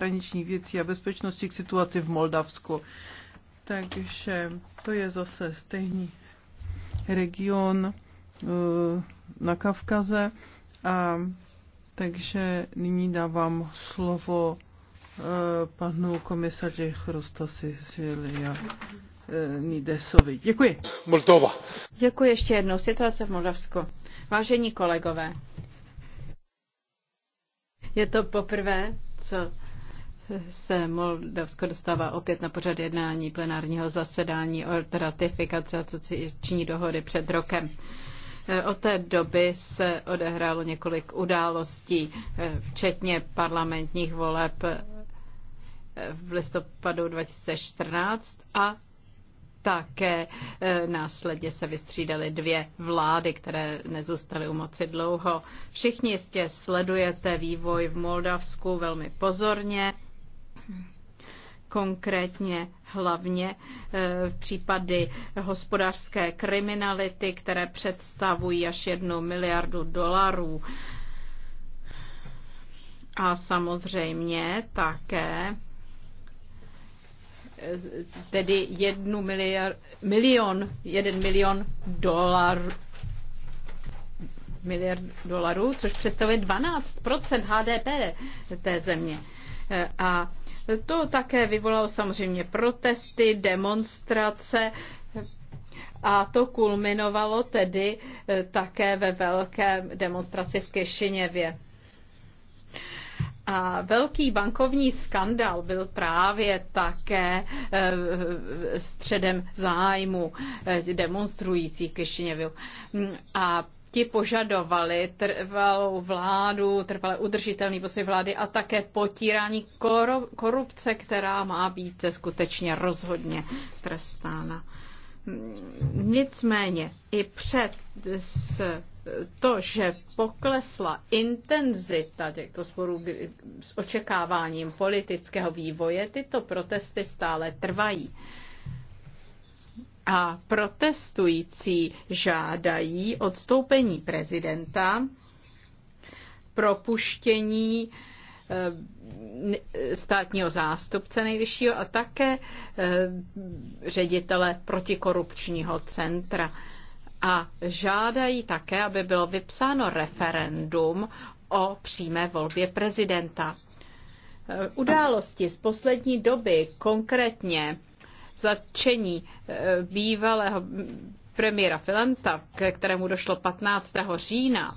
zahraničních věcí a bezpečnosti k situaci v Moldavsku. Takže to je zase stejný region eh, na Kavkaze. A takže nyní dávám slovo eh, panu komisaři Chrostasi Silja eh, Nidesovi. Děkuji. Moldova. Děkuji ještě jednou. Situace v Moldavsku. Vážení kolegové, je to poprvé, co se Moldavsko dostává opět na pořad jednání plenárního zasedání o ratifikaci asociační dohody před rokem. Od té doby se odehrálo několik událostí, včetně parlamentních voleb v listopadu 2014 a také eh, následně se vystřídaly dvě vlády, které nezůstaly u moci dlouho. Všichni jistě sledujete vývoj v Moldavsku velmi pozorně konkrétně hlavně v eh, případy hospodářské kriminality, které představují až jednu miliardu dolarů. A samozřejmě také eh, tedy jednu miliard, milion, jeden milion dolar, miliard dolarů, což představuje 12 HDP té země. Eh, a to také vyvolalo samozřejmě protesty, demonstrace a to kulminovalo tedy eh, také ve velké demonstraci v Kešiněvě. A velký bankovní skandal byl právě také eh, středem zájmu eh, demonstrujících Kešiněvě. A ti požadovali trvalou vládu, trvalé udržitelný postoj vlády a také potírání korupce, která má být skutečně rozhodně trestána. Nicméně i před s to, že poklesla intenzita těchto sporů s očekáváním politického vývoje, tyto protesty stále trvají a protestující žádají odstoupení prezidenta, propuštění eh, státního zástupce nejvyššího a také eh, ředitele protikorupčního centra. A žádají také, aby bylo vypsáno referendum o přímé volbě prezidenta. Eh, události z poslední doby konkrétně zatčení eh, bývalého premiéra Filenta, ke kterému došlo 15. října,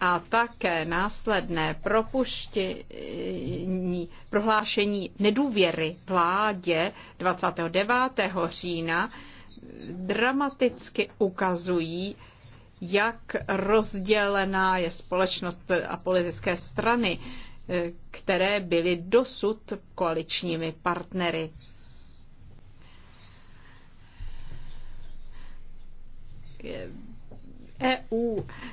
a také následné propuštění prohlášení nedůvěry vládě 29. října dramaticky ukazují, jak rozdělená je společnost a politické strany, eh, které byly dosud koaličními partnery. EU e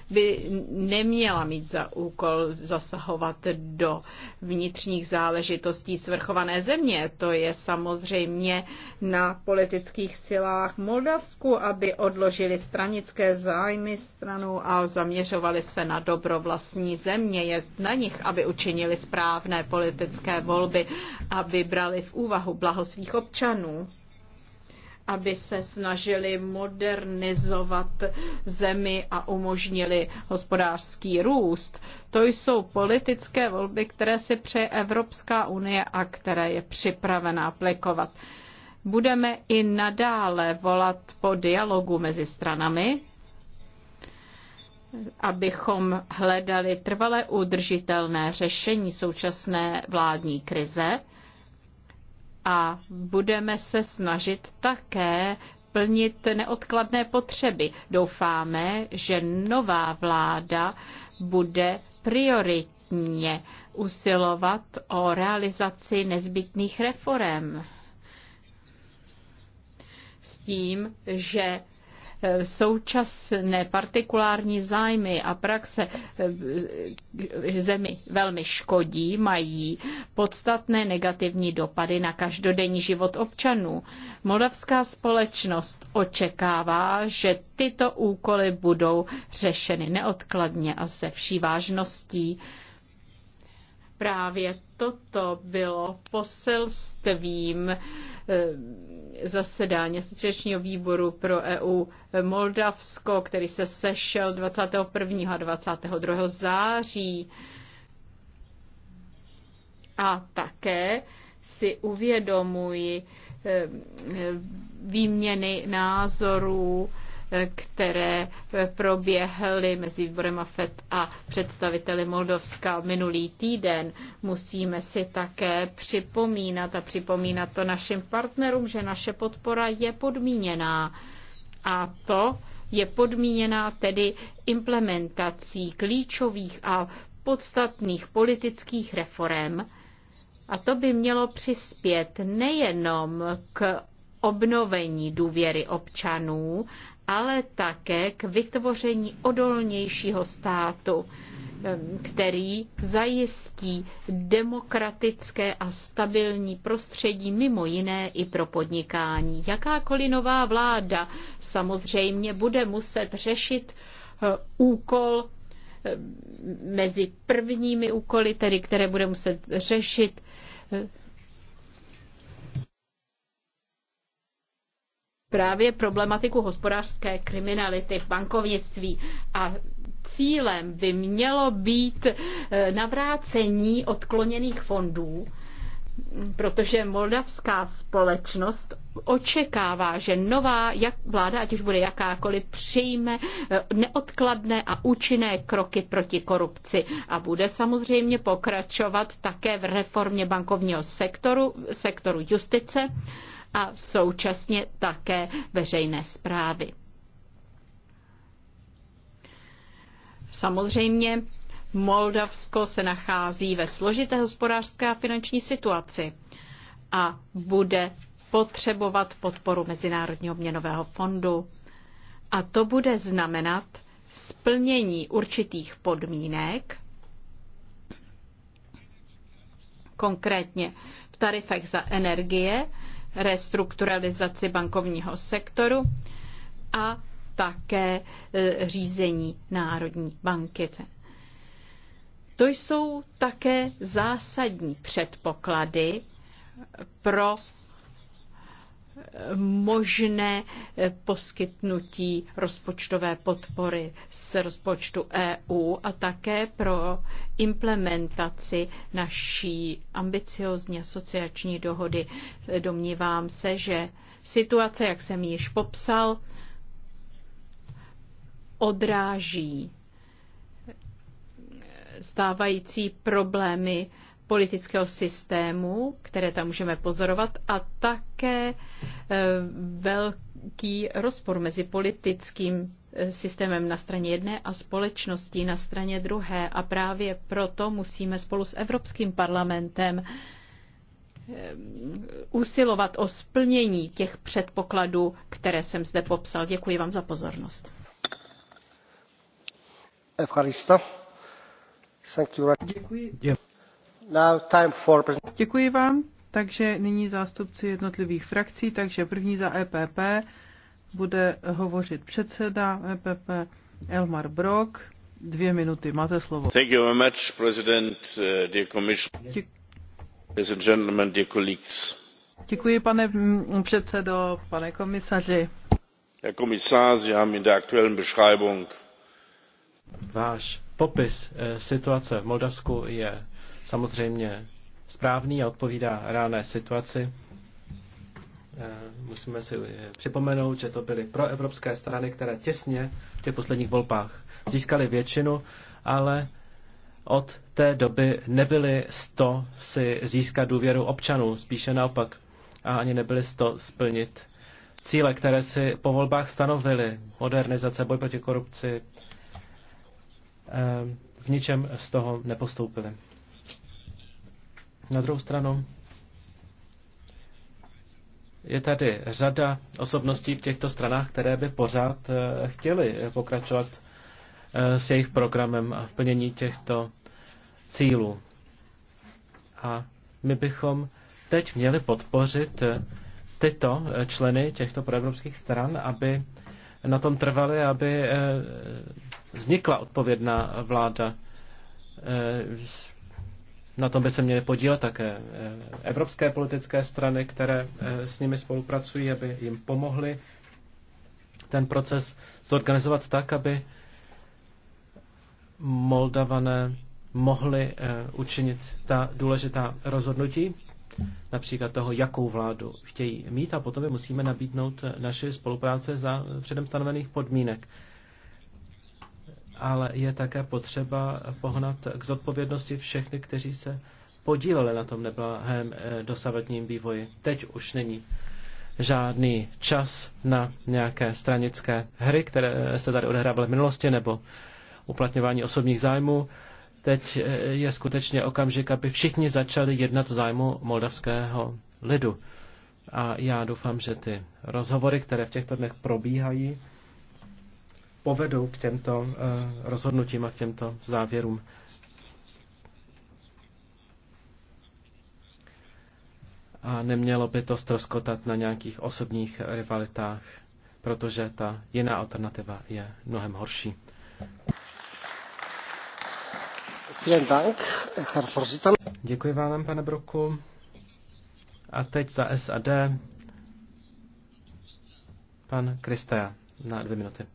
by neměla mít za úkol zasahovat do vnitřních záležitostí svrchované země. To je samozřejmě na politických silách Moldavsku, aby odložili stranické zájmy stranu a zaměřovali se na dobro vlastní země. Je na nich, aby učinili správné politické volby, aby brali v úvahu blaho svých občanů aby se snažili modernizovat zemi a umožnili hospodářský růst. To jsou politické volby, které si přeje Evropská unie a které je připravena aplikovat. Budeme i nadále volat po dialogu mezi stranami, abychom hledali trvale udržitelné řešení současné vládní krize a budeme se snažit také plnit neodkladné potřeby. Doufáme, že nová vláda bude prioritně usilovat o realizaci nezbytných reform. S tím, že současné partikulární zájmy a praxe zemi velmi škodí, mají podstatné negativní dopady na každodenní život občanů. Moldavská společnost očekává, že tyto úkoly budou řešeny neodkladně a se vší vážností. Právě toto bylo poselstvím eh, zasedání asociačního výboru pro EU Moldavsko, který se sešel 21. a 22. září. A také si uvědomuji eh, eh, výměny názorů které proběhly mezi výborem FED a představiteli Moldovska minulý týden. Musíme si také připomínat a připomínat to našim partnerům, že naše podpora je podmíněná. A to je podmíněná tedy implementací klíčových a podstatných politických reform. A to by mělo přispět nejenom k obnovení důvěry občanů, ale také k vytvoření odolnějšího státu, který zajistí demokratické a stabilní prostředí mimo jiné i pro podnikání. Jakákoliv nová vláda samozřejmě bude muset řešit eh, úkol eh, mezi prvními úkoly, tedy které bude muset řešit eh, právě problematiku hospodářské kriminality v bankovnictví a cílem by mělo být eh, navrácení odkloněných fondů, protože moldavská společnost očekává, že nová jak vláda, ať už bude jakákoliv, přijme eh, neodkladné a účinné kroky proti korupci a bude samozřejmě pokračovat také v reformě bankovního sektoru, sektoru justice a současně také veřejné zprávy. Samozřejmě Moldavsko se nachází ve složité hospodářské a finanční situaci a bude potřebovat podporu Mezinárodního měnového fondu. A to bude znamenat splnění určitých podmínek, konkrétně v tarifech za energie, restrukturalizaci bankovního sektoru a také e, řízení Národní banky. To jsou také zásadní předpoklady pro možné eh, poskytnutí rozpočtové podpory z rozpočtu EU a také pro implementaci naší ambiciozní asociační dohody. Domnívám se, že situace, jak jsem již popsal, odráží stávající problémy politického systému, které tam můžeme pozorovat, a také e, velký rozpor mezi politickým e, systémem na straně jedné a společností na straně druhé. A právě proto musíme spolu s Evropským parlamentem e, usilovat o splnění těch předpokladů, které jsem zde popsal. Děkuji vám za pozornost. Děkuji. Děkuji vám. Takže nyní zástupci jednotlivých frakcí, takže první za EPP bude hovořit předseda EPP Elmar Brok. Dvě minuty, máte slovo. Thank you very much, President, uh, dear ladies and gentlemen, dear colleagues. Děkuji, pane mm, předsedo, pane komisaři. Herr Kommissar, Sie haben in der aktuellen Beschreibung Váš popis eh, situace v Moldavsku je samozřejmě správný a odpovídá reálné situaci. Eh, musíme si připomenout, že to byly proevropské strany, které těsně v těch posledních volbách získaly většinu, ale od té doby nebyly sto si získat důvěru občanů, spíše naopak. A ani nebyly sto splnit cíle, které si po volbách stanovili. Modernizace, boj proti korupci, eh, v ničem z toho nepostoupili. Na druhou stranu je tady řada osobností v těchto stranách, které by pořád eh, chtěly pokračovat eh, s jejich programem a v plnění těchto cílů. A my bychom teď měli podpořit eh, tyto členy těchto proevropských stran, aby na tom trvali, aby vznikla odpovědná vláda. Na tom by se měly podílet také eh, evropské politické strany, které eh, s nimi spolupracují, aby jim pomohly ten proces zorganizovat tak, aby Moldavané mohli eh, učinit ta důležitá rozhodnutí, například toho, jakou vládu chtějí mít a potom je musíme nabídnout naši spolupráce za předem stanovených podmínek ale je také potřeba pohnat k zodpovědnosti všechny, kteří se podíleli na tom neblahém eh, dosavadním vývoji. Teď už není žádný čas na nějaké stranické hry, které eh, se tady odehrávaly v minulosti, nebo uplatňování osobních zájmů. Teď eh, je skutečně okamžik, aby všichni začali jednat v zájmu moldavského lidu. A já doufám, že ty rozhovory, které v těchto dnech probíhají, povedou k těmto eh, rozhodnutím a k těmto závěrům. A nemělo by to stroskotat na nějakých osobních rivalitách, protože ta jiná alternativa je mnohem horší. Děkuji vám, pane Broku. A teď za SAD pan Krista, na dvě minuty.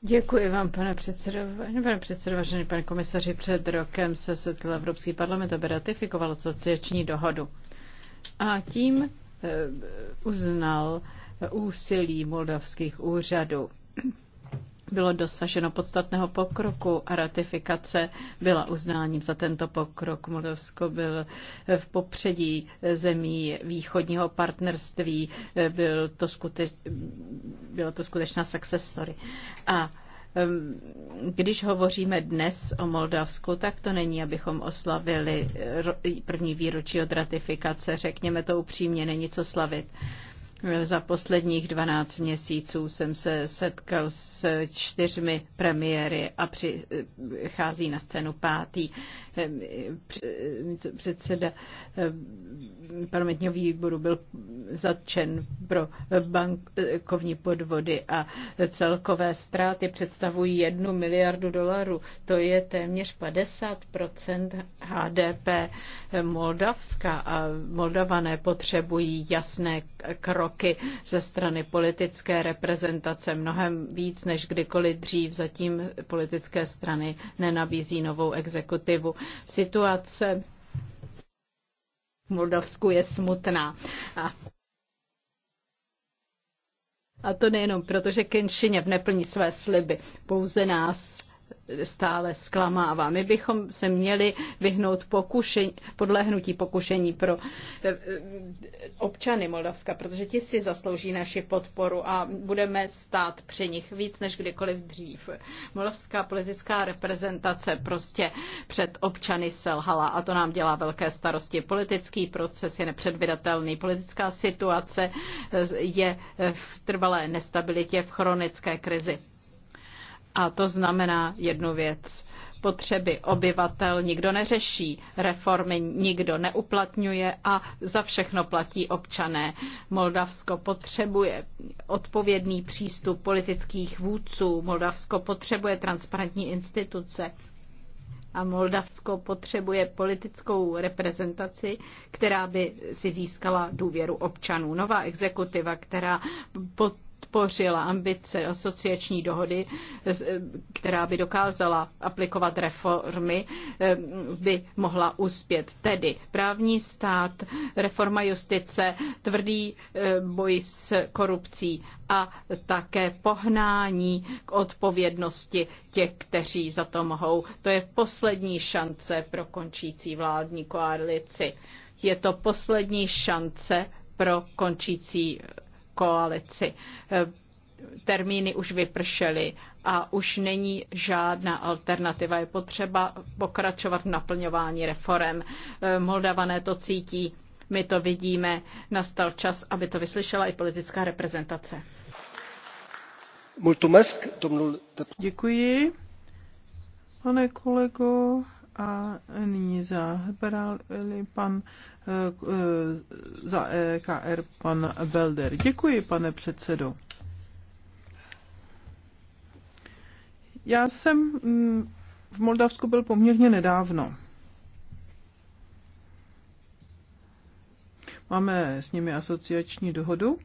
Děkuji vám, pane předsedající pane komisaři, před rokem se setkal Evropský parlament, aby ratifikoval asociační dohodu. A tím eh, uznal úsilí moldavských úřadů bylo dosaženo podstatného pokroku a ratifikace byla uznáním za tento pokrok. Moldavsko byl v popředí zemí východního partnerství, byl to skuteč, byla to skutečná success story. A když hovoříme dnes o Moldavsku, tak to není, abychom oslavili první výročí od ratifikace. Řekněme to upřímně, není co slavit. Za posledních 12 měsíců jsem se setkal s čtyřmi premiéry a přichází na scénu pátý předseda parlamentního výboru byl zatčen pro bankovní podvody a celkové ztráty představují jednu miliardu dolarů. To je téměř 50 HDP Moldavska a Moldavané potřebují jasné kroky kroky ze strany politické reprezentace mnohem víc než kdykoliv dřív. Zatím politické strany nenabízí novou exekutivu. Situace v Moldavsku je smutná. A a to nejenom proto, že Kenšiněv neplní své sliby, pouze nás stále zklamává. My bychom se měli vyhnout pokušení, podlehnutí pokušení pro eh, eh, občany Moldavska, protože ti si zaslouží naši podporu a budeme stát při nich víc než kdykoliv dřív. Moldavská politická reprezentace prostě před občany selhala a to nám dělá velké starosti. Politický proces je nepředvydatelný, politická situace eh, je v trvalé nestabilitě, v chronické krizi. A to znamená jednu věc. Potřeby obyvatel nikdo neřeší, reformy nikdo neuplatňuje a za všechno platí občané. Moldavsko potřebuje odpovědný přístup politických vůdců, Moldavsko potřebuje transparentní instituce, a Moldavsko potřebuje politickou reprezentaci, která by si získala důvěru občanů. Nová exekutiva, která pod podpořila ambice asociační dohody, která by dokázala aplikovat reformy, eh, by mohla uspět. Tedy právní stát, reforma justice, tvrdý eh, boj s korupcí a také pohnání k odpovědnosti těch, kteří za to mohou. To je poslední šance pro končící vládní koalici. Je to poslední šance pro končící koalici. Eh, termíny už vypršely a už není žádná alternativa. Je potřeba pokračovat v naplňování reform. Eh, Moldavané to cítí, my to vidíme. Nastal čas, aby to vyslyšela i politická reprezentace. Děkuji. Pane kolego, a nyní za liberály pan eh, za EKR pan Belder. Děkuji, pane předsedo. Já jsem mm, v Moldavsku byl poměrně nedávno. Máme s nimi asociační dohodu,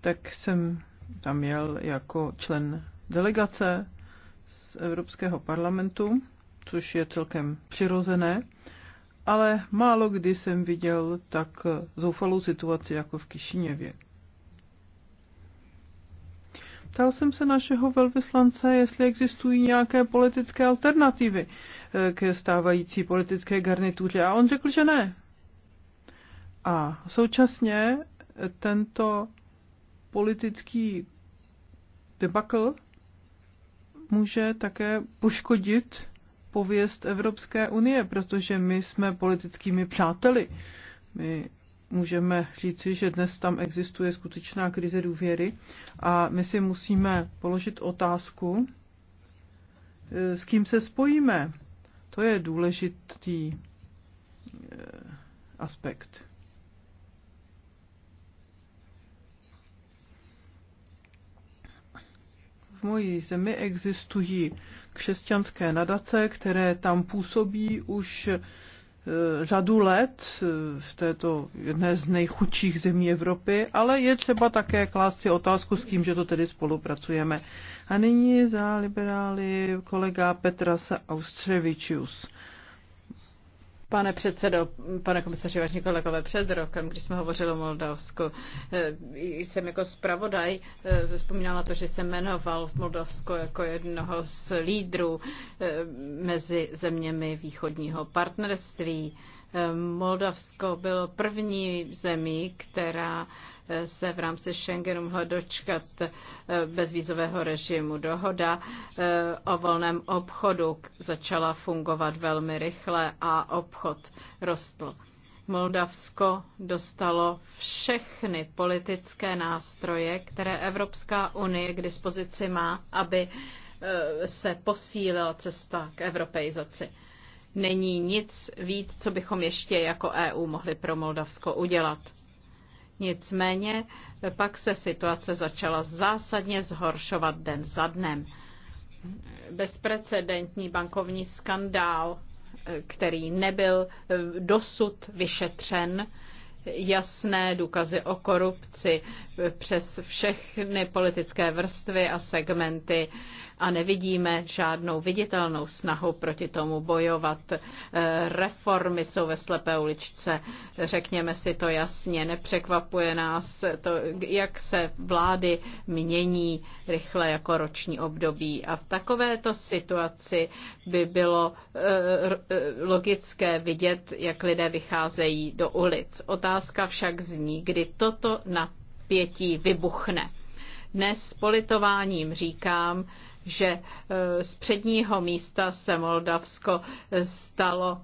tak jsem tam jel jako člen delegace z Evropského parlamentu což je celkem přirozené, ale málo kdy jsem viděl tak zoufalou situaci jako v Kišiněvě. Ptal jsem se našeho velvyslance, jestli existují nějaké politické alternativy eh, k stávající politické garnituře a on řekl, že ne. A současně tento politický debakl může také poškodit pověst Evropské unie, protože my jsme politickými přáteli. My můžeme říci, že dnes tam existuje skutečná krize důvěry a my si musíme položit otázku, eh, s kým se spojíme. To je důležitý eh, aspekt. V mojí zemi existují křesťanské nadace, které tam působí už e, řadu let e, v této jedné z nejchudších zemí Evropy, ale je třeba také klást si otázku s tím, že to tedy spolupracujeme. A nyní za liberály kolega Petra Austřevičius. Pane předsedo, pane komisaři, vážení kolegové, před rokem, když jsme hovořili o Moldavsku, eh, jsem jako zpravodaj eh, vzpomínala to, že jsem jmenoval v Moldavsku jako jednoho z lídrů eh, mezi zeměmi východního partnerství Moldavsko bylo první zemí, která eh, se v rámci Schengenu mohla dočkat eh, bezvízového režimu. Dohoda eh, o volném obchodu začala fungovat velmi rychle a obchod rostl. Moldavsko dostalo všechny politické nástroje, které Evropská unie k dispozici má, aby se posílila cesta k evropeizaci. Není nic víc, co bychom ještě jako EU mohli pro Moldavsko udělat. Nicméně pak se situace začala zásadně zhoršovat den za dnem. Bezprecedentní bankovní skandál, který nebyl eh, dosud vyšetřen, jasné důkazy o korupci eh, přes všechny politické vrstvy a segmenty a nevidíme žádnou viditelnou snahu proti tomu bojovat. Eh, reformy jsou ve slepé uličce, řekněme si to jasně, nepřekvapuje nás to, jak se vlády mění rychle jako roční období. A v takovéto situaci by bylo eh, eh, logické vidět, jak lidé vycházejí do ulic. Otázka však zní, kdy toto napětí vybuchne. Dnes s politováním říkám, že e, z předního místa se Moldavsko e, stalo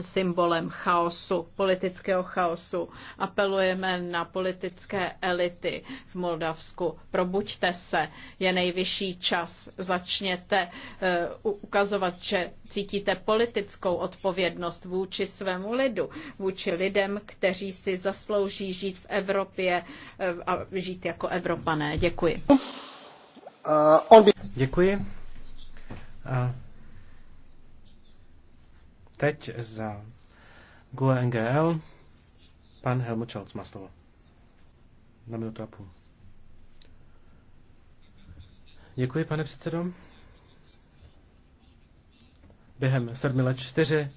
symbolem chaosu, politického chaosu. Apelujeme na politické elity v Moldavsku. Probuďte se, je nejvyšší čas. Začněte uh, ukazovat, že cítíte politickou odpovědnost vůči svému lidu, vůči lidem, kteří si zaslouží žít v Evropě uh, a žít jako Evropané. Děkuji. Eh, on... Děkuji. A teď za GUE NGL pan Helmut Scholz má slovo. Na minutu a půl. Děkuji, pane předsedo. Během sedmi let čtyři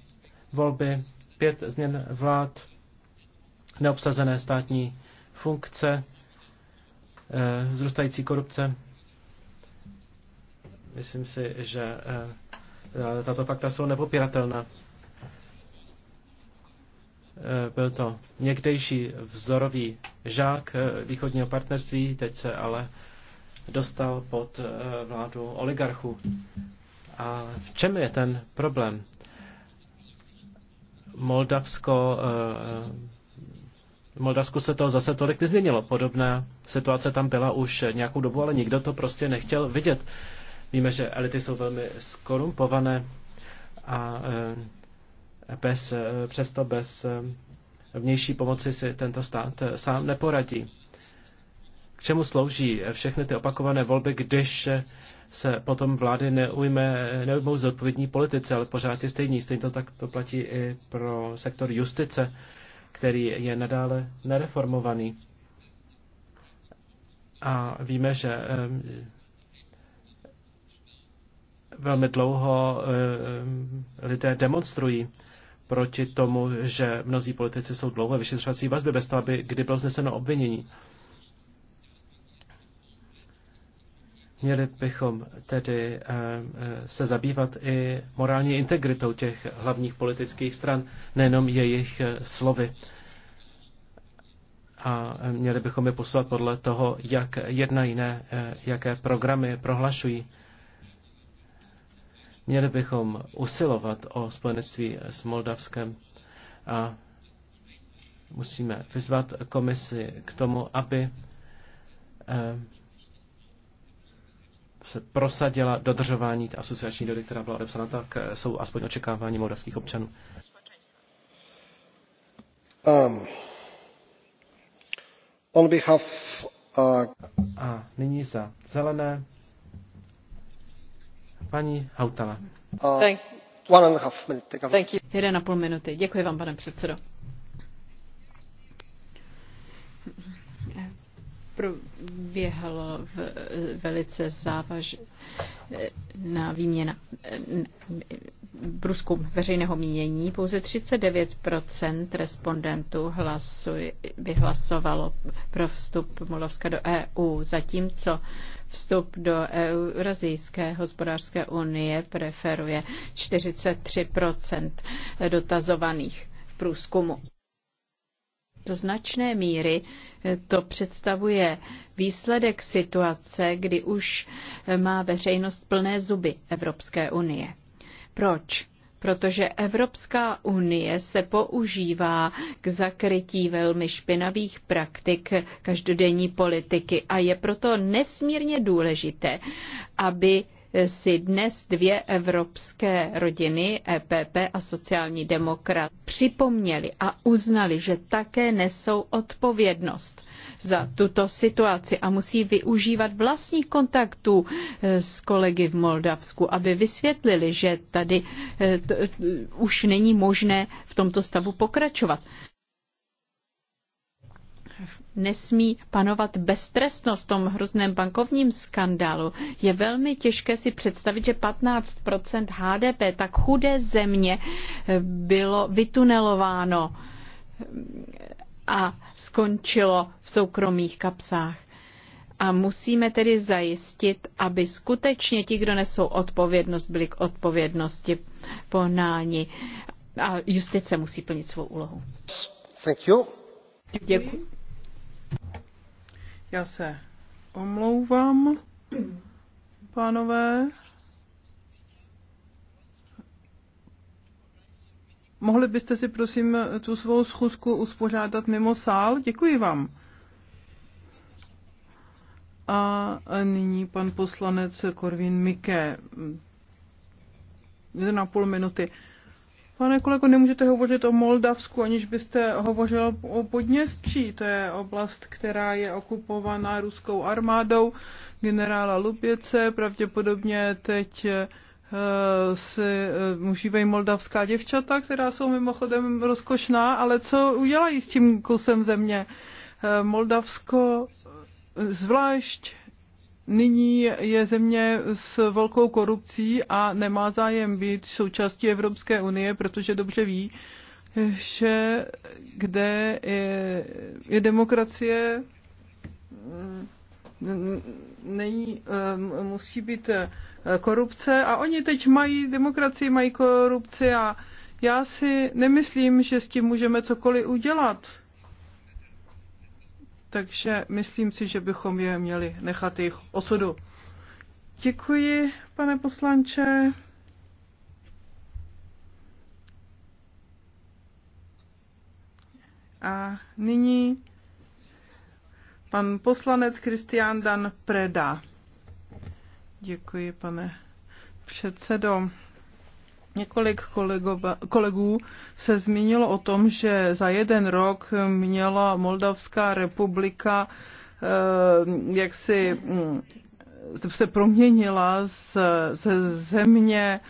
volby, pět změn vlád, neobsazené státní funkce, eh, zrůstající korupce, Myslím si, že eh, tato fakta jsou nepopiratelná. Eh, byl to někdejší vzorový žák eh, východního partnerství, teď se ale dostal pod vládu oligarchů. A v čem je ten problém? Moldavsko, v Moldavsku se to zase tolik nezměnilo. Podobná situace tam byla už nějakou dobu, ale nikdo to prostě nechtěl vidět. Víme, že elity jsou velmi skorumpované a eh, bez, eh, přesto bez eh, vnější pomoci si tento stát sám neporadí. K čemu slouží všechny ty opakované volby, když se potom vlády neujme, neujmou zodpovědní politice, ale pořád je stejný. Stejně to tak to platí i pro sektor justice, který je nadále nereformovaný. A víme, že velmi dlouho eh, eh, lidé demonstrují proti tomu, že mnozí politici jsou dlouho vyšetřovací vazby bez toho, aby kdy bylo vzneseno obvinění. Měli bychom tedy eh, se zabývat i morální integritou těch hlavních politických stran, nejenom jejich slovy. A měli bychom je poslat podle toho, jak jedna jiné, jaké programy prohlašují. Měli bychom usilovat o spojenectví s Moldavskem a musíme vyzvat komisi k tomu, aby eh, se prosadila dodržování té asociační dohody, která byla odepsána, tak eh, jsou aspoň očekávání moldavských občanů. Um, on behalf, uh... A nyní za zelené Paní Hautala. Jeden a půl minuty. Děkuji vám, pane předsedo. proběhla eh, velice závažná výměna eh, průzkum veřejného mínění. Pouze 39 respondentů hlasuje, by hlasovalo pro vstup Moldavska do EU, zatímco vstup do Eurazijské hospodářské unie preferuje 43 dotazovaných v průzkumu do značné míry to představuje výsledek situace, kdy už má veřejnost plné zuby Evropské unie. Proč? Protože Evropská unie se používá k zakrytí velmi špinavých praktik každodenní politiky a je proto nesmírně důležité, aby si dnes dvě evropské rodiny, EPP a sociální demokrat, připomněli a uznali, že také nesou odpovědnost za tuto situaci a musí využívat vlastních kontaktů eh, s kolegy v Moldavsku, aby vysvětlili, že tady eh, už není možné v tomto stavu pokračovat nesmí panovat beztrestnost v tom hrozném bankovním skandálu. Je velmi těžké si představit, že 15% HDP tak chudé země eh, bylo vytunelováno eh, a skončilo v soukromých kapsách. A musíme tedy zajistit, aby skutečně ti, kdo nesou odpovědnost, byli k odpovědnosti ponáni. A justice musí plnit svou úlohu. Děkuji. Já se omlouvám, pánové. Mohli byste si prosím tu svou schůzku uspořádat mimo sál? Děkuji vám. A nyní pan poslanec Korvin na půl minuty. Pane kolego, nemůžete hovořit o Moldavsku, aniž byste hovořil o Podněstří. To je oblast, která je okupovaná ruskou armádou generála Lupěce. Pravděpodobně teď eh, si eh, užívají moldavská děvčata, která jsou mimochodem rozkošná, ale co udělají s tím kusem země? Eh, Moldavsko zvlášť nyní je země s velkou korupcí a nemá zájem být součástí Evropské unie, protože dobře ví, že kde je, je demokracie, mm, není, mm, musí být eh, korupce a oni teď mají demokracii, mají korupci a já si nemyslím, že s tím můžeme cokoliv udělat takže myslím si, že bychom je měli nechat jejich osudu. Děkuji, pane poslanče. A nyní pan poslanec Kristián Dan Preda. Děkuji, pane předsedo. Několik kolegova, kolegů se zmínilo o tom, že za jeden rok měla Moldavská republika eh, jak si mm, se proměnila z, ze země,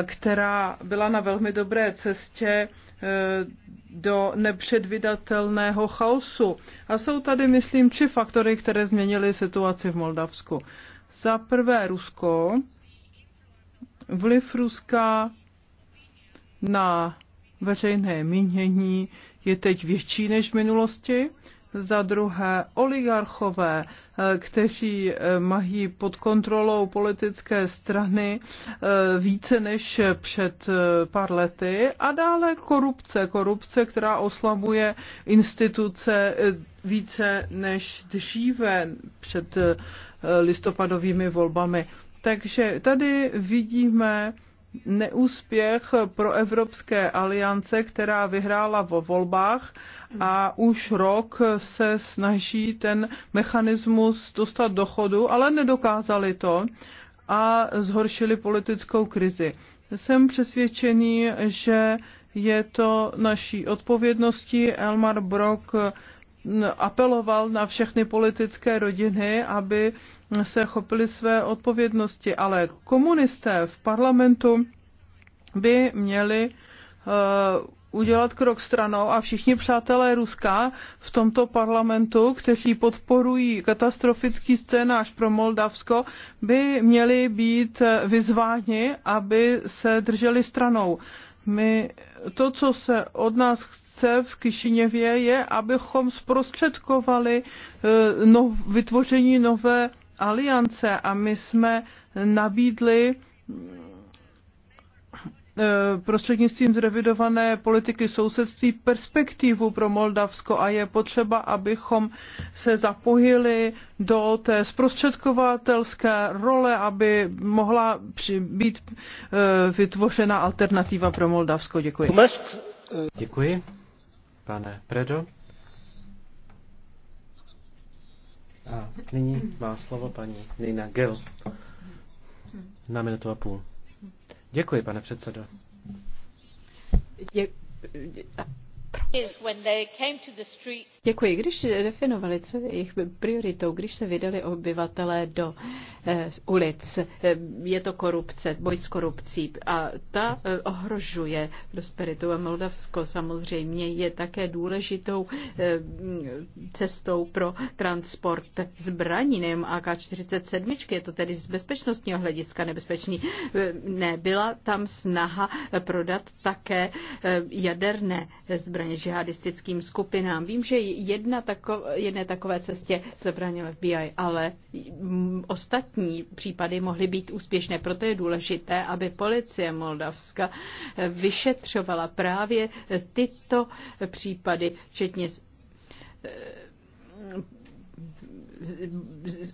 eh, která byla na velmi dobré cestě eh, do nepředvydatelného chaosu. A jsou tady, myslím, tři faktory, které změnily situaci v Moldavsku. Za prvé Rusko, vliv Ruska na veřejné mínění je teď větší než v minulosti. Za druhé, oligarchové, eh, kteří eh, mají pod kontrolou politické strany eh, více než před pár lety. A dále korupce, korupce, která oslabuje instituce více než dříve před listopadovými volbami. Takže tady vidíme neúspěch pro Evropské aliance, která vyhrála vo volbách a už rok se snaží ten mechanismus dostat do chodu, ale nedokázali to a zhoršili politickou krizi. Jsem přesvědčený, že je to naší odpovědností. Elmar Brock apeloval na všechny politické rodiny, aby se chopili své odpovědnosti. Ale komunisté v parlamentu by měli eh, udělat krok stranou a všichni přátelé Ruska v tomto parlamentu, kteří podporují katastrofický scénář pro Moldavsko, by měli být eh, vyzváni, aby se drželi stranou. My to, co se od nás v Kišiněvě je, abychom zprostředkovali no, vytvoření nové aliance a my jsme nabídli eh, prostřednictvím zrevidované politiky sousedství perspektivu pro Moldavsko a je potřeba, abychom se zapojili do té zprostředkovatelské role, aby mohla být eh, vytvořena alternativa pro Moldavsko. Děkuji. Děkuji pane Predo. A nyní má slovo paní Nina Gil. Na minutu a půl. Děkuji, pane předsedo. Dě- Děkuji. Když definovali, co je jejich prioritou, když se vydali obyvatelé do eh, ulic, eh, je to korupce, boj s korupcí a ta eh, ohrožuje prosperitu a Moldavsko samozřejmě je také důležitou eh, cestou pro transport zbraní, nejen AK-47, je to tedy z bezpečnostního hlediska nebezpečný. Eh, nebyla tam snaha prodat také eh, jaderné zbraně džihadistickým skupinám. Vím, že jedna tako, jedné takové cestě zabránil FBI, ale ostatní případy mohly být úspěšné. Proto je důležité, aby policie Moldavska vyšetřovala právě tyto případy, včetně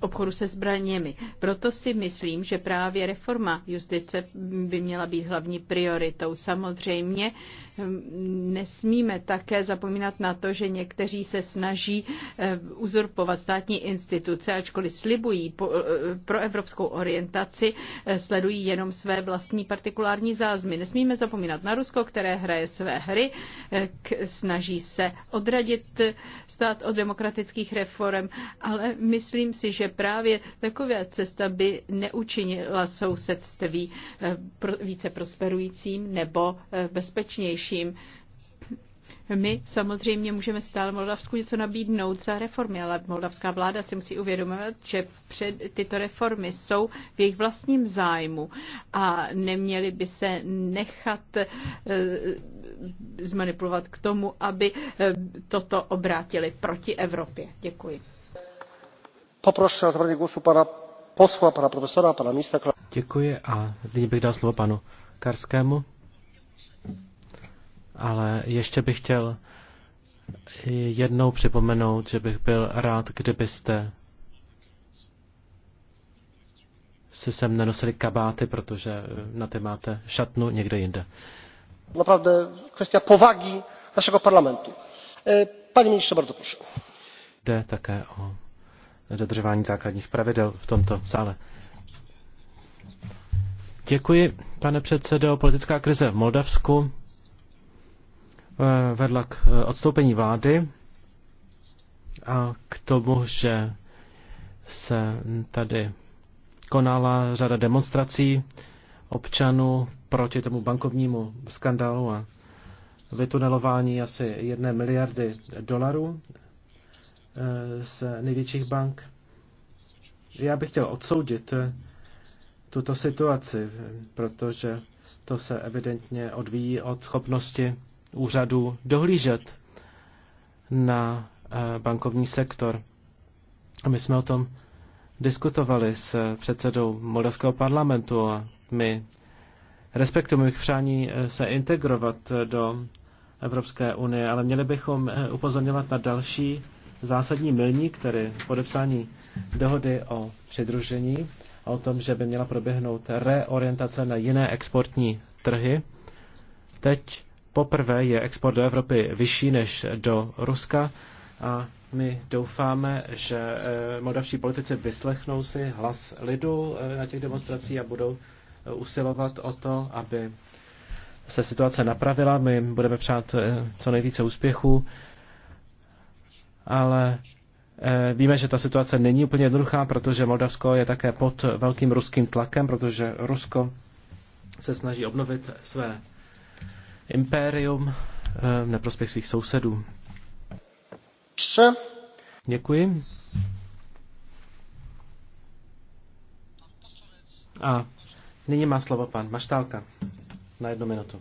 obchodu se zbraněmi. Proto si myslím, že právě reforma justice by měla být hlavní prioritou. Samozřejmě hm, nesmíme také zapomínat na to, že někteří se snaží eh, uzurpovat státní instituce, ačkoliv slibují eh, pro evropskou orientaci, eh, sledují jenom své vlastní partikulární zázmy. Nesmíme zapomínat na Rusko, které hraje své hry, snaží se odradit stát od demokratických reform, ale myslím si, že právě taková cesta by neučinila sousedství eh, více prosperujícím nebo eh, bezpečnějším. My samozřejmě můžeme stále Moldavsku něco nabídnout za reformy, ale moldavská vláda si musí uvědomovat, že před tyto reformy jsou v jejich vlastním zájmu a neměli by se nechat eh, zmanipulovat k tomu, aby toto obrátili proti Evropě. Děkuji. Děkuji a nyní bych dal slovo panu Karskému. Ale ještě bych chtěl jednou připomenout, že bych byl rád, kdybyste si sem nenosili kabáty, protože na ty máte šatnu někde jinde. Naprawdę kwestia powagi naszego parlamentu. E, Panie ministrze, bardzo proszę. Jde také o dodržování základních pravidel v tomto sále. Děkuji, pane předsedo. Politická krize v Moldavsku eh, vedla k eh, odstoupení vlády a k tomu, že se tady konala řada demonstrací občanů proti tomu bankovnímu skandálu a vytunelování asi jedné miliardy dolarů Eh, z největších bank. Já bych chtěl odsoudit eh, tuto situaci, protože to se evidentně odvíjí od schopnosti úřadů dohlížet na eh, bankovní sektor. A my jsme o tom diskutovali s předsedou Moldavského parlamentu a my respektujeme jejich přání se integrovat do Evropské unie, ale měli bychom upozorňovat na další zásadní milník, který podepsání dohody o přidružení a o tom, že by měla proběhnout reorientace na jiné exportní trhy. Teď poprvé je export do Evropy vyšší než do Ruska a my doufáme, že eh, moldavští politici vyslechnou si hlas lidu eh, na těch demonstracích a budou eh, usilovat o to, aby se situace napravila. My budeme přát co nejvíce úspěchů ale eh, Víme, že ta situace není úplně jednoduchá, protože Moldavsko je také pod velkým ruským tlakem, protože Rusko se snaží obnovit své impérium eh, v neprospěch svých sousedů. Děkuji. A nyní má slovo pan Maštálka na jednu minutu.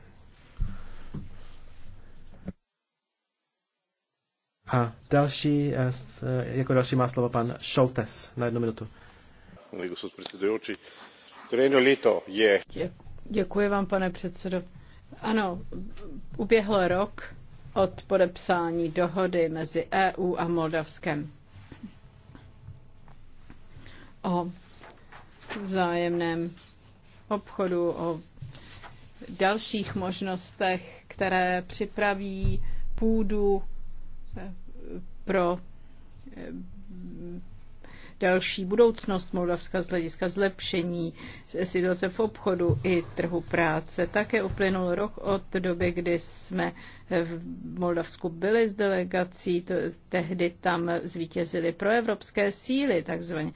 A další, eh, eh, jako další má slovo pan Šoltes na jednu minutu. Děkuji vám, pane předsedo. Ano, uběhl rok od podepsání dohody mezi EU a Moldavskem o vzájemném obchodu, o dalších možnostech, které připraví půdu pro eh, další budoucnost Moldavska z hlediska zlepšení situace v obchodu i trhu práce. Také uplynul rok od doby, kdy jsme v Moldavsku byli s delegací, to, tehdy tam zvítězili proevropské síly takzvaně,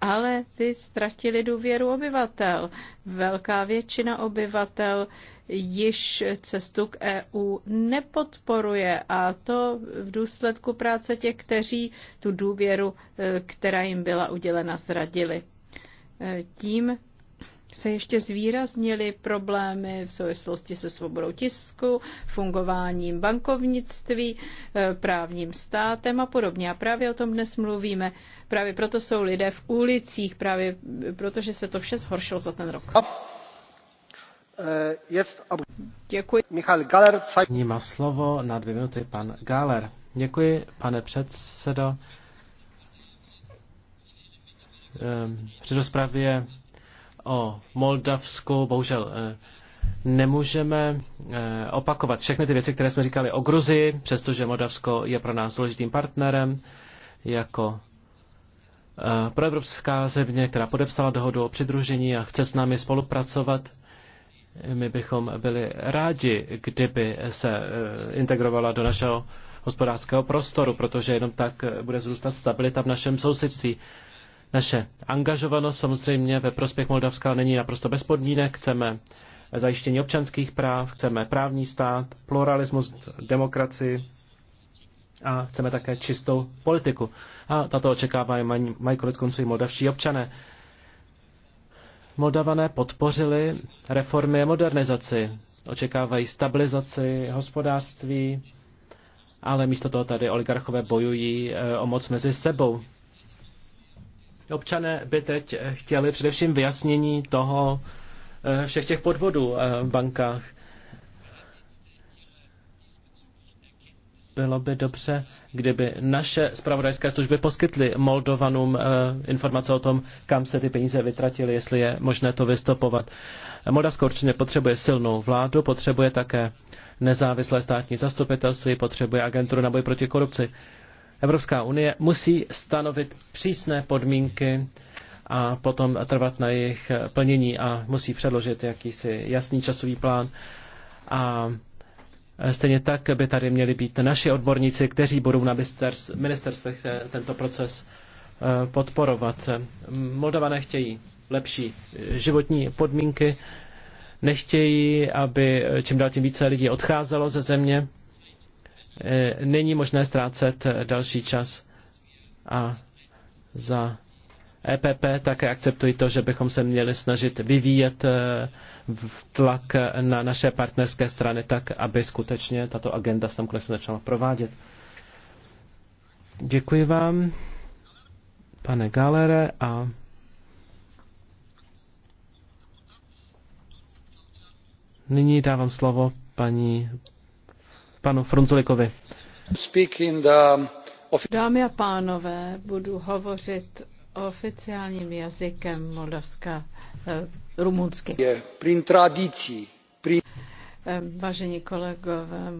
ale ty ztratili důvěru obyvatel. Velká většina obyvatel již cestu k EU nepodporuje a to v důsledku práce těch, kteří tu důvěru, e, která jim byla udělena, zradili. E, tím se ještě zvýraznily problémy v souvislosti se svobodou tisku, fungováním bankovnictví, e, právním státem a podobně. A právě o tom dnes mluvíme. Právě proto jsou lidé v ulicích, právě protože se to vše zhoršilo za ten rok. Eh, slovo na dvě minuty Děkuji, pane předsedo. Ehm, při rozpravě o Moldavsku bohužel eh, nemůžeme eh, opakovat všechny ty věci, které jsme říkali o Gruzii, přestože Moldavsko je pro nás důležitým partnerem jako proevropská země, která podepsala dohodu o přidružení a chce s námi spolupracovat my bychom byli rádi, kdyby se e, integrovala do našeho hospodářského prostoru, protože jenom tak e, bude zůstat stabilita v našem sousedství. Naše angažovanost samozřejmě ve prospěch Moldavska není naprosto bez podmínek. Chceme zajištění občanských práv, chceme právní stát, pluralismus, demokracii a chceme také čistou politiku. A tato očekávání mají konec konců i moldavští občané. Moldavané podpořili reformy a modernizaci. Očekávají stabilizaci hospodářství, ale místo toho tady oligarchové bojují eh, o moc mezi sebou. Občané by teď chtěli především vyjasnění toho eh, všech těch podvodů eh, v bankách. Bylo by dobře, kdyby naše spravodajské služby poskytly Moldovanům eh, informace o tom, kam se ty peníze vytratily, jestli je možné to vystopovat. Moldavsko určitě potřebuje silnou vládu, potřebuje také nezávislé státní zastupitelství, potřebuje agenturu na boj proti korupci. Evropská unie musí stanovit přísné podmínky a potom trvat na jejich plnění a musí předložit jakýsi jasný časový plán a Eh, stejně tak by tady měli být naši odborníci, kteří budou na ministerstvech eh, tento proces eh, podporovat. Moldované chtějí lepší životní podmínky, nechtějí, aby čím dál tím více lidí odcházelo ze země. Není možné ztrácet další čas a za EPP také akceptují to, že bychom se měli snažit vyvíjet eh, tlak na naše partnerské strany tak, aby skutečně tato agenda se tam konečně začala provádět. Děkuji vám, pane Galere, a nyní dávám slovo paní, panu Frunzulikovi. Dámy a pánové, budu hovořit oficiálním jazykem Moldavska eh, rumunsky. Je prin tradicí. Prin... Eh, vážení kolegové,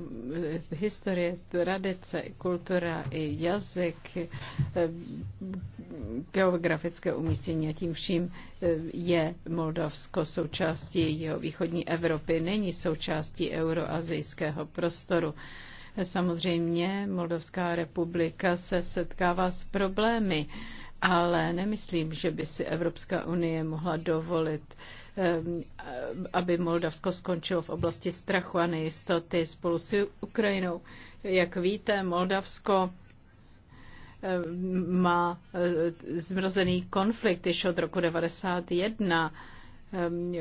eh, historie, tradice, kultura i jazyk, geografické umístění a tím vším je Moldavsko součástí jeho východní Evropy, není součástí euroazijského prostoru. Samozřejmě Moldavská republika se setkává s problémy ale nemyslím, že by si Evropská unie mohla dovolit, aby Moldavsko skončilo v oblasti strachu a nejistoty spolu s Ukrajinou. Jak víte, Moldavsko má e, zmrzený konflikt již od roku 1991 Ehm,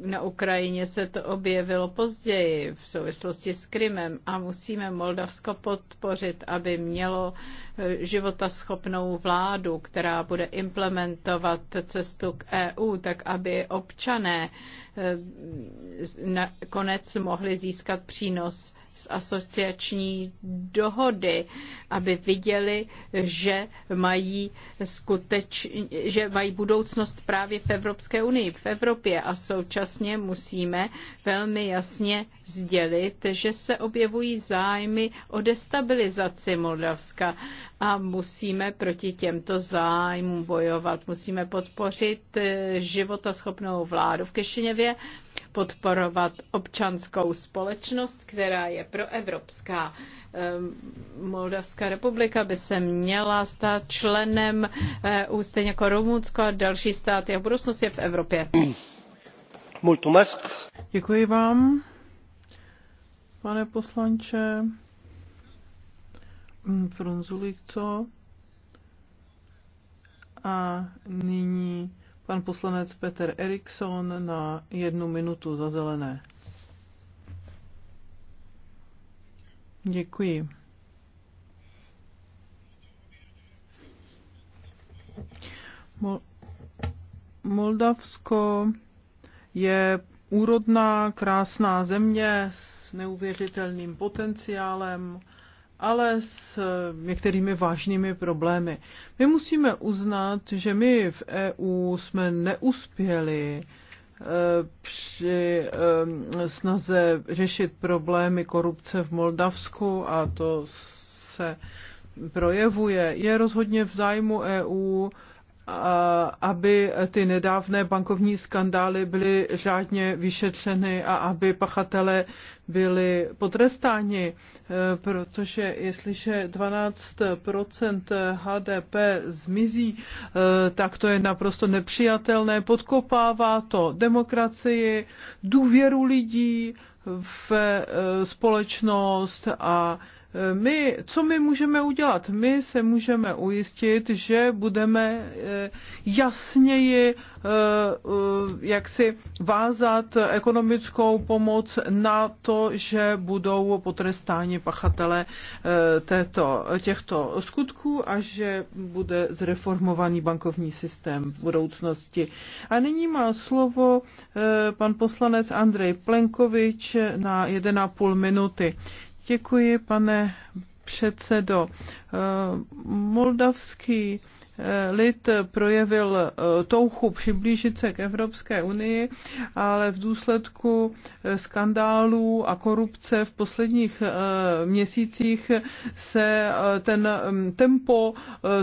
na Ukrajině se to objevilo později v souvislosti s Krymem a musíme Moldavsko podpořit, aby mělo e, životaschopnou vládu, která bude implementovat cestu k EU, tak aby občané ehm, nakonec mohli získat přínos z asociační dohody, aby viděli, že mají, skuteč, že mají budoucnost právě v Evropské unii, v Evropě a současně musíme velmi jasně sdělit, že se objevují zájmy o destabilizaci Moldavska a musíme proti těmto zájmům bojovat. Musíme podpořit eh, životaschopnou vládu v Kešiněvě, podporovat občanskou společnost, která je proevropská. Ehm, Moldavská republika by se měla stát členem EU, stejně jako Rumunsko a další státy a budoucnost je v Evropě. Mulțumesc. Děkuji vám, pane poslanče. Frunzulico. A nyní pan poslanec Peter Eriksson na jednu minutu za zelené. Děkuji. Moldavsko je úrodná, krásná země s neuvěřitelným potenciálem, ale s eh, některými vážnými problémy. My musíme uznat, že my v EU jsme neuspěli při snaze řešit problémy korupce v Moldavsku a to se projevuje. Je rozhodně v zájmu EU aby ty nedávné bankovní skandály byly řádně vyšetřeny a aby pachatele byli potrestáni, e, protože jestliže 12 HDP zmizí, e, tak to je naprosto nepřijatelné. Podkopává to demokracii, důvěru lidí v e, společnost a my, co my můžeme udělat? My se můžeme ujistit, že budeme eh, jasněji eh, eh, jak si vázat ekonomickou pomoc na to, že budou potrestáni pachatele této, těchto skutků a že bude zreformovaný bankovní systém v budoucnosti. A nyní má slovo pan poslanec Andrej Plenkovič na 1,5 minuty. Děkuji, pane předsedo. Eh, moldavský eh, lid projevil eh, touchu přiblížit se k Evropské unii, ale v důsledku skandálů a korupce v posledních měsících se ten mm, tempo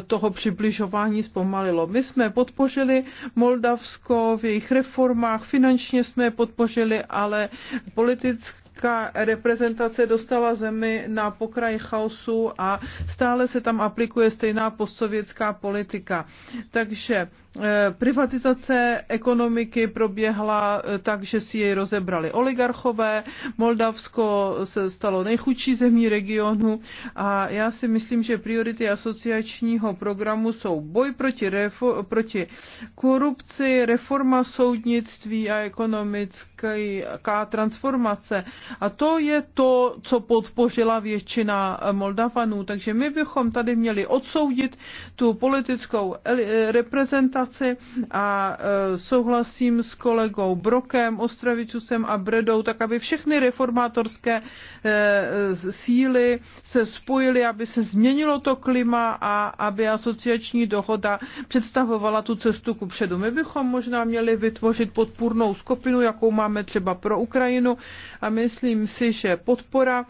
toho přibližování zpomalilo. My jsme podpořili Moldavsko v jejich reformách, finančně jsme je podpořili, ale politické ta reprezentace dostala zemi na pokraj chaosu a stále se tam aplikuje stejná postsovětská politika. Takže Eh, privatizace ekonomiky proběhla eh, tak, že si jej rozebrali oligarchové, Moldavsko se stalo nejchudší zemí regionu a já si myslím, že priority asociačního programu jsou boj proti, refo- proti korupci, reforma soudnictví a ekonomická transformace. A to je to, co podpořila většina Moldavanů. Takže my bychom tady měli odsoudit tu politickou eh, reprezentaci implementaci a e, souhlasím s kolegou Brokem, Ostravičusem a Bredou, tak aby všechny reformátorské e, síly se spojily, aby se změnilo to klima a aby asociační dohoda představovala tu cestu ku předu. My bychom možná měli vytvořit podpůrnou skupinu, jakou máme třeba pro Ukrajinu a myslím si, že podpora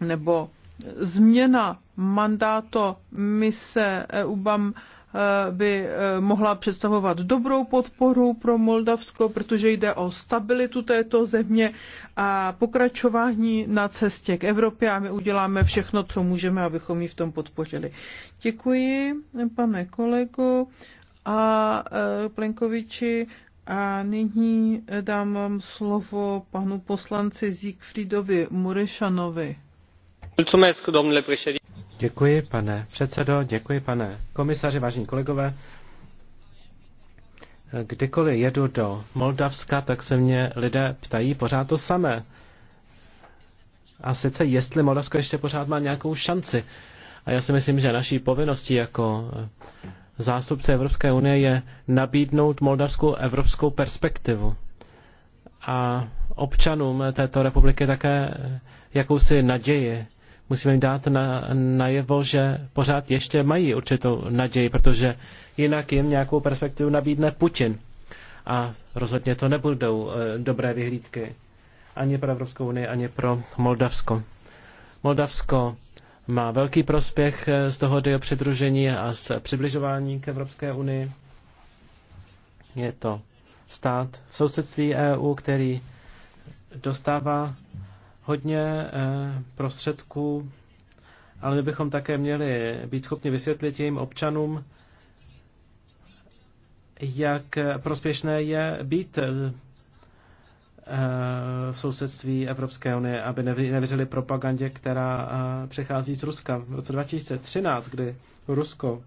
nebo změna mandátu mise EUBAM Eh, by eh, mohla představovat dobrou podporu pro Moldavsko, protože jde o stabilitu této země a pokračování na cestě k Evropě a my uděláme všechno, co můžeme, abychom ji v tom podpořili. Děkuji, pane kolego a eh, Plenkoviči. A nyní dám vám slovo panu poslanci Siegfriedovi Murešanovi. Mulțumesc, domnule președinte. Děkuji, pane předsedo, děkuji, pane komisaři, vážení kolegové. Kdykoliv jedu do Moldavska, tak se mě lidé ptají pořád to samé. A sice, jestli Moldavsko ještě pořád má nějakou šanci. A já si myslím, že naší povinností jako zástupce Evropské unie je nabídnout moldavskou evropskou perspektivu. A občanům této republiky také jakousi naději Musíme jim dát na, najevo, že pořád ještě mají určitou naději, protože jinak jim nějakou perspektivu nabídne Putin. A rozhodně to nebudou eh, dobré vyhlídky ani pro Evropskou unii, ani pro Moldavsko. Moldavsko má velký prospěch eh, z toho o přidružení a z přibližování k Evropské unii. Je to stát v sousedství EU, který dostává hodně eh, prostředků, ale my bychom také měli být schopni vysvětlit jejím občanům, jak prospěšné je být eh, v sousedství Evropské unie, aby nevěřili propagandě, která eh, přechází z Ruska. V roce 2013, kdy Rusko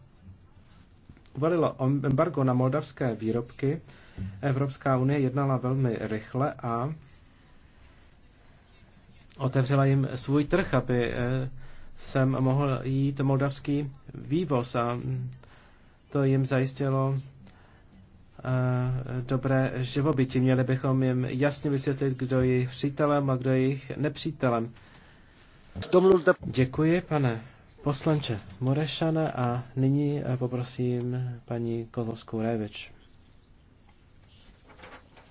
uvalilo embargo na moldavské výrobky, Evropská unie jednala velmi rychle a otevřela jim svůj trh, aby eh, sem mohl jít moldavský vývoz a mm, to jim zajistilo eh, dobré živobytí. Měli bychom jim jasně vysvětlit, kdo je jejich přítelem a kdo je jejich nepřítelem. Děkuji, pane poslanče Morešane a nyní eh, poprosím paní Kozlovskou Révič.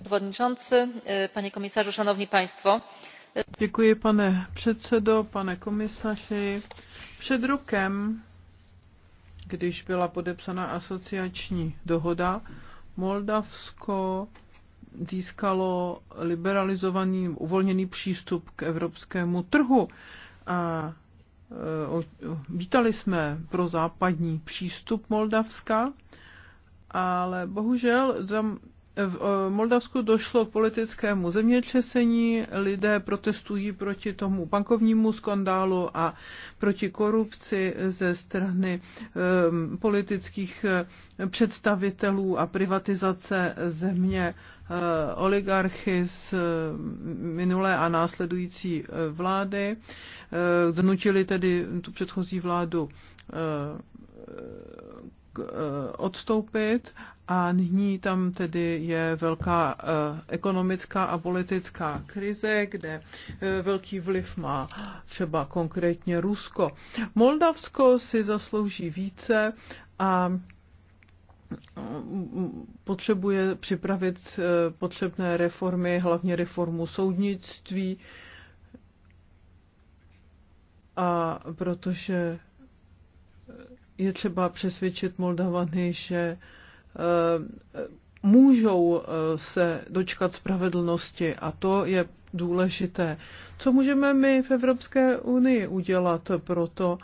Przewodniczący, panie komisarzu, szanowni państwo. Děkuji, pane předsedo, pane komisaři. Před rokem, když byla podepsána asociační dohoda, Moldavsko získalo liberalizovaný, uvolněný přístup k evropskému trhu. A e, vítali jsme pro západní přístup Moldavska, ale bohužel tam v eh, Moldavsku došlo k politickému zemětřesení, lidé protestují proti tomu bankovnímu skandálu a proti korupci ze strany ehm, politických eh, představitelů a privatizace země eh, oligarchy z minulé a následující vlády. donutili tedy tu předchozí vládu Eh, odstoupit a nyní tam tedy je velká eh, ekonomická a politická krize, kde eh, velký vliv má třeba konkrétně Rusko. Moldavsko si zaslouží více a mm, potřebuje připravit potřebné reformy, hlavně reformu soudnictví, a protože je třeba přesvědčit Moldavany, že eh, můžou eh, se dočkat spravedlnosti a to je důležité. Co můžeme my v Evropské unii udělat pro to,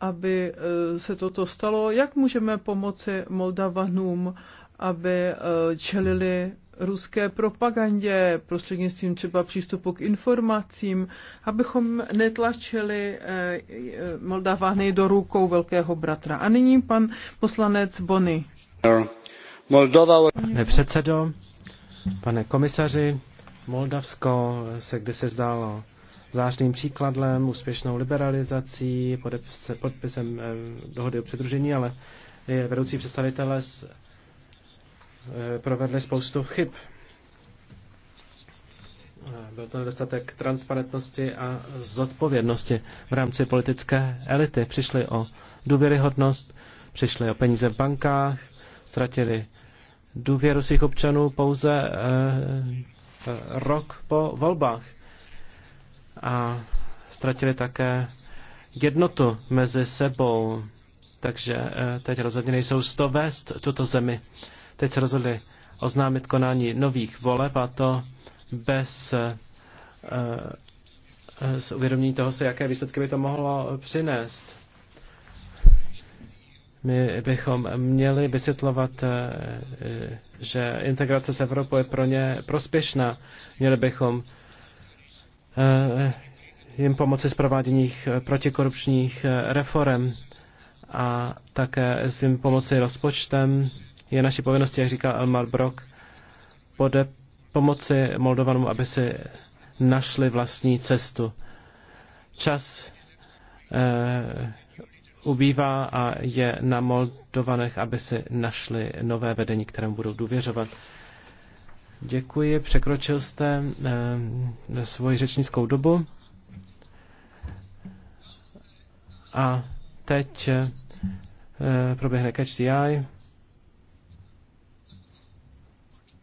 aby eh, se toto stalo? Jak můžeme pomoci Moldavanům, aby čelili ruské propagandě, prostřednictvím třeba přístupu k informacím, abychom netlačili eh, Moldavány do rukou velkého bratra. A nyní pan poslanec Bony. Pane předsedo, pane komisaři, Moldavsko se kdy se zdálo zvláštním příkladem, úspěšnou liberalizací, podpisem eh, dohody o předružení, ale vedoucí představitelé Eh, provedli spoustu chyb. Eh, byl to nedostatek transparentnosti a zodpovědnosti v rámci politické elity. Přišli o důvěryhodnost, přišli o peníze v bankách, ztratili důvěru svých občanů pouze eh, rok po volbách. A ztratili také jednotu mezi sebou. Takže eh, teď rozhodně nejsou z toho vést tuto zemi. Eh, teď se rozhodli oznámit konání nových voleb a to bez uh, eh, eh, uvědomění toho se, jaké výsledky by to mohlo přinést. My bychom měli vysvětlovat, eh, že integrace s Evropou je pro ně prospěšná. Měli bychom jim pomoci s prováděních protikorupčních reform a také s jim pomoci rozpočtem je naší povinnosti, jak říká Elmar Brok, pode pomoci Moldovanům, aby si našli vlastní cestu. Čas e, ubývá a je na Moldovanech, aby si našli nové vedení, kterému budou důvěřovat. Děkuji, překročil jste e, svoji řečnickou dobu. A teď e, proběhne catch the eye.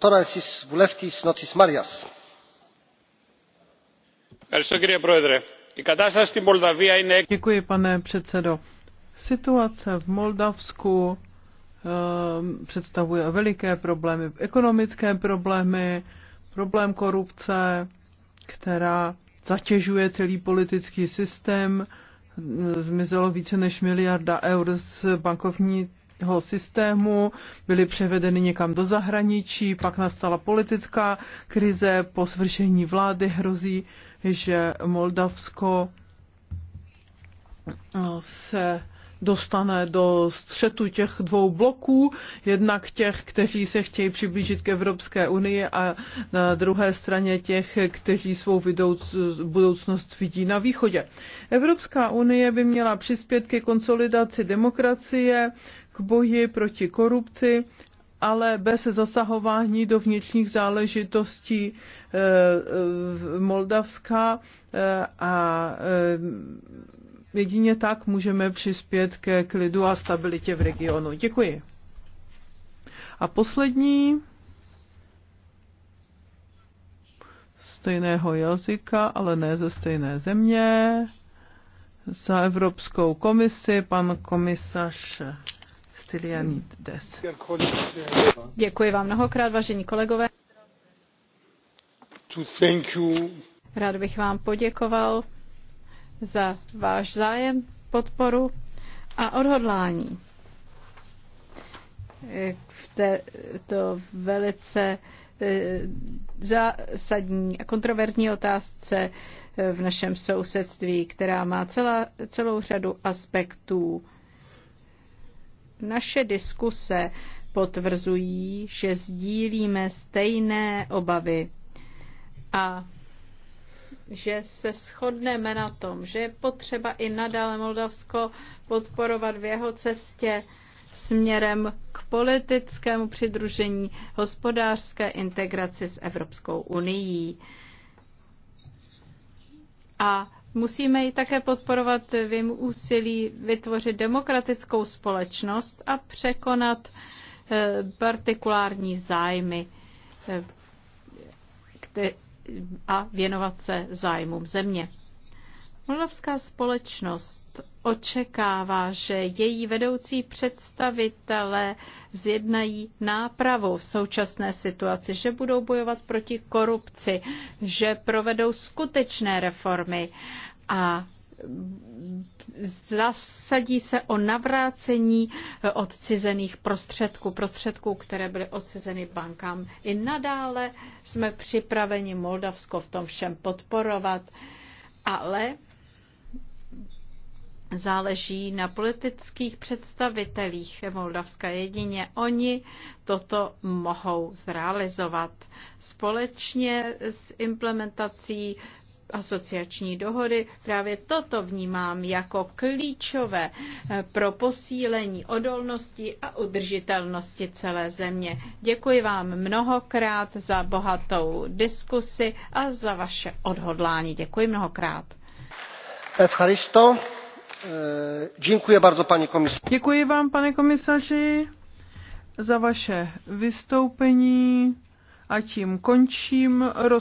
pane předsedající Situace v Moldavsku ehm, představuje veliké problémy, ekonomické problémy, problém korupce, která zatěžuje celý politický systém. Zmizelo více než miliarda eur z bankovní systému, byly převedeny někam do zahraničí, pak nastala politická krize, po svršení vlády hrozí, že Moldavsko eh, se dostane do střetu těch dvou bloků, jednak těch, kteří se chtějí přiblížit k Evropské unii a na druhé straně těch, kteří svou budoucnost vidí na východě. Evropská unie by měla přispět ke konsolidaci demokracie, k boji proti korupci, ale bez zasahování do vnitřních záležitostí eh, Moldavska eh, a eh, jedině tak můžeme přispět ke klidu a stabilitě v regionu. Děkuji. A poslední stejného jazyka, ale ne ze stejné země, za Evropskou komisi pan komisař Stylianides. Děkuji vám mnohokrát, vážení kolegové. Rád bych vám poděkoval za váš zájem, podporu a odhodlání v této velice eh, zásadní a kontroverzní otázce eh, v našem sousedství, která má celá, celou řadu aspektů. Naše diskuse potvrzují, že sdílíme stejné obavy a že se shodneme na tom, že je potřeba i nadále Moldavsko podporovat v jeho cestě směrem k politickému přidružení hospodářské integraci s Evropskou unii. A Musíme ji také podporovat v jejím úsilí vytvořit demokratickou společnost a překonat eh, partikulární zájmy eh, a věnovat se zájmům země. Moldavská společnost očekává, že její vedoucí představitelé zjednají nápravu v současné situaci, že budou bojovat proti korupci, že provedou skutečné reformy a zasadí se o navrácení odcizených prostředků, prostředků, které byly odcizeny bankám. I nadále jsme připraveni Moldavsko v tom všem podporovat, ale záleží na politických představitelích Moldavska. Jedině oni toto mohou zrealizovat společně s implementací asociační dohody. Právě toto vnímám jako klíčové eh, pro posílení odolnosti a udržitelnosti celé země. Děkuji vám mnohokrát za bohatou diskusi a za vaše odhodlání. Děkuji mnohokrát. Eh, Děkuji komisaři. Děkuji vám, pane komisaři, za vaše vystoupení a tím končím rozpravu.